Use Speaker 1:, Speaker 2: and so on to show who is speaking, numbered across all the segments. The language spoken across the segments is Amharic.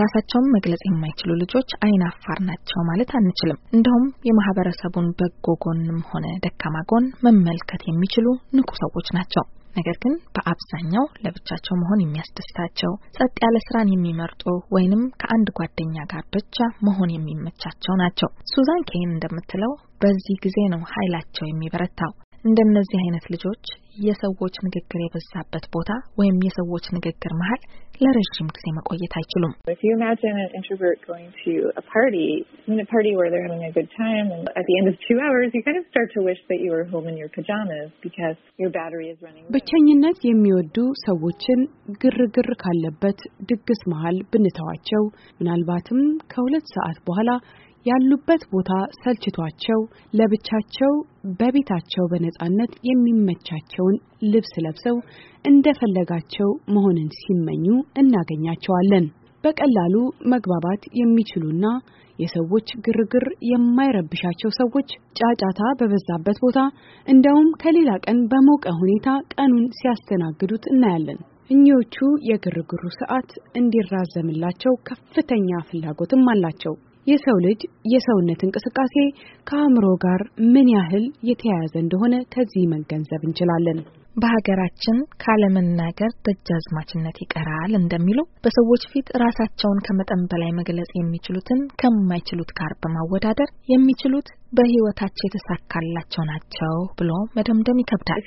Speaker 1: ራሳቸውን መግለጽ የማይችሉ ልጆች አይን አፋር ናቸው ማለት አንችልም። እንደውም የማህበረሰቡን በጎ ጎንም ሆነ ደካማ ጎን መመልከት የሚችሉ ንቁ ሰዎች ናቸው። ነገር ግን በአብዛኛው ለብቻቸው መሆን የሚያስደስታቸው፣ ጸጥ ያለ ስራን የሚመርጡ ወይንም ከአንድ ጓደኛ ጋር ብቻ መሆን የሚመቻቸው ናቸው። ሱዛን ኬን እንደምትለው በዚህ ጊዜ ነው ኃይላቸው የሚበረታው። እንደነዚህ አይነት ልጆች የሰዎች ንግግር የበዛበት ቦታ ወይም የሰዎች ንግግር መሀል ለረዥም ጊዜ መቆየት አይችሉም።
Speaker 2: ብቸኝነት የሚወዱ ሰዎችን ግርግር ካለበት ድግስ መሀል ብንተዋቸው ምናልባትም ከሁለት ሰዓት በኋላ ያሉበት ቦታ ሰልችቷቸው ለብቻቸው በቤታቸው በነጻነት የሚመቻቸውን ልብስ ለብሰው እንደፈለጋቸው መሆንን ሲመኙ እናገኛቸዋለን። በቀላሉ መግባባት የሚችሉና የሰዎች ግርግር የማይረብሻቸው ሰዎች ጫጫታ በበዛበት ቦታ እንደውም ከሌላ ቀን በሞቀ ሁኔታ ቀኑን ሲያስተናግዱት እናያለን። እኚዎቹ የግርግሩ ሰዓት እንዲራዘምላቸው ከፍተኛ ፍላጎትም አላቸው። የሰው ልጅ የሰውነት እንቅስቃሴ ከአእምሮ
Speaker 1: ጋር ምን ያህል የተያያዘ እንደሆነ ከዚህ መገንዘብ እንችላለን። በሀገራችን ካለመናገር ደጃዝማችነት ይቀራል እንደሚለው በሰዎች ፊት ራሳቸውን ከመጠን በላይ መግለጽ የሚችሉትን ከማይችሉት ጋር በማወዳደር የሚችሉት በሕይወታቸው የተሳካላቸው ናቸው ብሎ መደምደም ይከብዳል።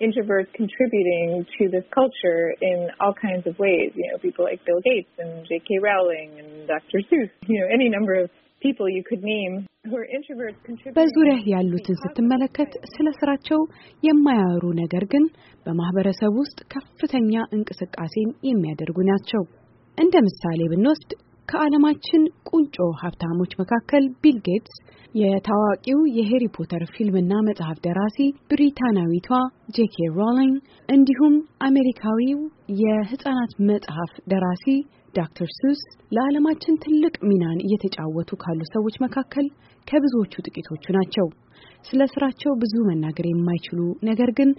Speaker 3: introverts contributing to this culture in all kinds of ways. You know, people like Bill Gates and J.K. Rowling and Dr. Seuss, you know, any number of people you could name who are introverts contributing. በዙሪያ
Speaker 2: ያሉትን ስትመለከት ስለ ስራቸው የማያወሩ ነገር ግን በማህበረሰብ ውስጥ ከፍተኛ እንቅስቃሴን የሚያደርጉ ናቸው። እንደ ምሳሌ ብንወስድ ከዓለማችን ቁንጮ ሀብታሞች መካከል ቢል ጌትስ፣ የታዋቂው የሄሪ ፖተር ፊልምና መጽሐፍ ደራሲ ብሪታናዊቷ ጄኬ ሮሊንግ እንዲሁም አሜሪካዊው የህፃናት መጽሐፍ ደራሲ ዶክተር ሱስ ለዓለማችን ትልቅ ሚናን እየተጫወቱ ካሉ ሰዎች መካከል ከብዙዎቹ ጥቂቶቹ ናቸው። ስለ ስራቸው ብዙ መናገር የማይችሉ ነገር ግን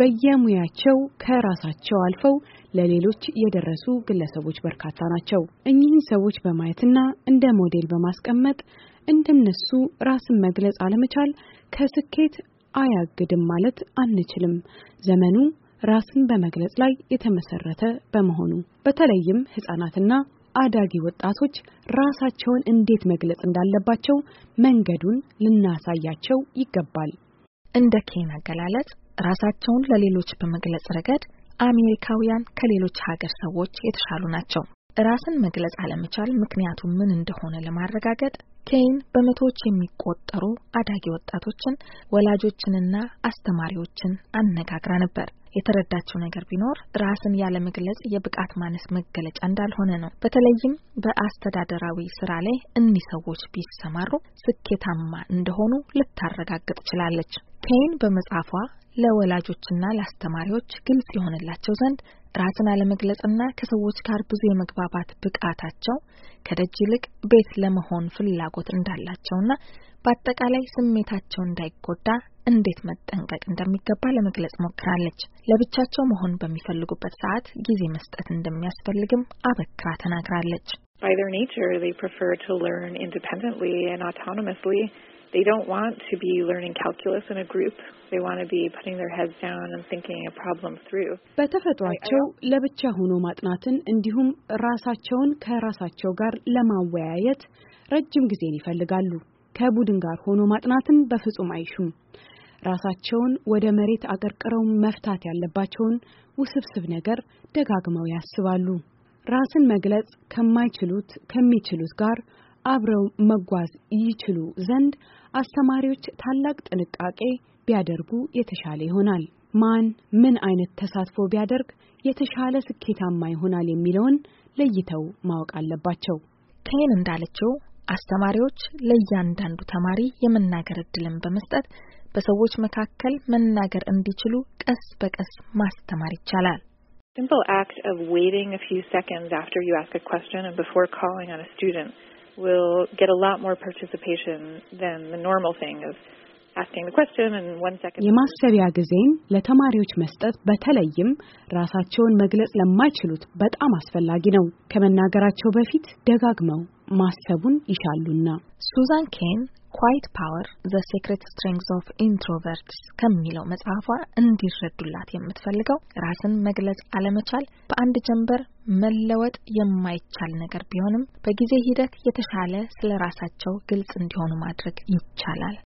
Speaker 2: በየሙያቸው ከራሳቸው አልፈው ለሌሎች የደረሱ ግለሰቦች በርካታ ናቸው። እኚህን ሰዎች በማየትና እንደ ሞዴል በማስቀመጥ እንደነሱ ራስን መግለጽ አለመቻል ከስኬት አያግድም ማለት አንችልም። ዘመኑ ራስን በመግለጽ ላይ የተመሰረተ በመሆኑ በተለይም ህጻናትና አዳጊ ወጣቶች ራሳቸውን እንዴት መግለጽ እንዳለባቸው
Speaker 1: መንገዱን ልናሳያቸው ይገባል። እንደ ኬን አገላለጽ ራሳቸውን ለሌሎች በመግለጽ ረገድ አሜሪካውያን ከሌሎች ሀገር ሰዎች የተሻሉ ናቸው። ራስን መግለጽ አለመቻል ምክንያቱ ምን እንደሆነ ለማረጋገጥ ኬን በመቶዎች የሚቆጠሩ አዳጊ ወጣቶችን ወላጆችንና አስተማሪዎችን አነጋግራ ነበር። የተረዳችው ነገር ቢኖር ራስን ያለ መግለጽ የብቃት ማነስ መገለጫ እንዳልሆነ ነው። በተለይም በአስተዳደራዊ ስራ ላይ እኒህ ሰዎች ቢሰማሩ ስኬታማ እንደሆኑ ልታረጋግጥ ችላለች። ኬን በመጽሐፏ ለወላጆችና ለአስተማሪዎች ግልጽ የሆነላቸው ዘንድ ራስን አለመግለጽና ከሰዎች ጋር ብዙ የመግባባት ብቃታቸው ከደጅ ይልቅ ቤት ለመሆን ፍላጎት እንዳላቸውና በአጠቃላይ ስሜታቸው እንዳይጎዳ እንዴት መጠንቀቅ እንደሚገባ ለመግለጽ ሞክራለች። ለብቻቸው መሆን በሚፈልጉበት ሰዓት ጊዜ መስጠት እንደሚያስፈልግም አበክራ ተናግራለች።
Speaker 3: They don't want to be learning calculus in a group. They want to be putting their heads down and thinking a problem through.
Speaker 2: በተፈጥሯቸው ለብቻ ሆኖ ማጥናትን እንዲሁም ራሳቸውን ከራሳቸው ጋር ለማወያየት ረጅም ጊዜን ይፈልጋሉ። ከቡድን ጋር ሆኖ ማጥናትን በፍጹም አይሹም። ራሳቸውን ወደ መሬት አቀርቅረው መፍታት ያለባቸውን ውስብስብ ነገር ደጋግመው ያስባሉ። ራስን መግለጽ ከማይችሉት ከሚችሉት ጋር አብረው መጓዝ ይችሉ ዘንድ አስተማሪዎች ታላቅ ጥንቃቄ ቢያደርጉ የተሻለ ይሆናል። ማን ምን አይነት ተሳትፎ ቢያደርግ የተሻለ ስኬታማ ይሆናል የሚለውን
Speaker 1: ለይተው ማወቅ አለባቸው። ከይን እንዳለችው አስተማሪዎች ለእያንዳንዱ ተማሪ የመናገር እድልን በመስጠት በሰዎች መካከል መናገር እንዲችሉ ቀስ በቀስ ማስተማር ይቻላል።
Speaker 3: simple act of waiting a few seconds after you ask a question and before calling on a student will get a lot more participation than the normal thing of
Speaker 2: የማሰቢያ ጊዜን ለተማሪዎች መስጠት በተለይም ራሳቸውን መግለጽ ለማይችሉት በጣም አስፈላጊ ነው። ከመናገራቸው በፊት ደጋግመው ማሰቡን ይሻሉና። ሱዛን ኬን
Speaker 1: ዋይት ፓወር ዘ ሴክሬት ስትሬንግስ ኦፍ ኢንትሮቨርትስ ከሚለው መጽሐፏ እንዲረዱላት የምትፈልገው ራስን መግለጽ አለመቻል በአንድ ጀንበር መለወጥ የማይቻል ነገር ቢሆንም በጊዜ ሂደት የተሻለ ስለ ራሳቸው ግልጽ እንዲሆኑ ማድረግ ይቻላል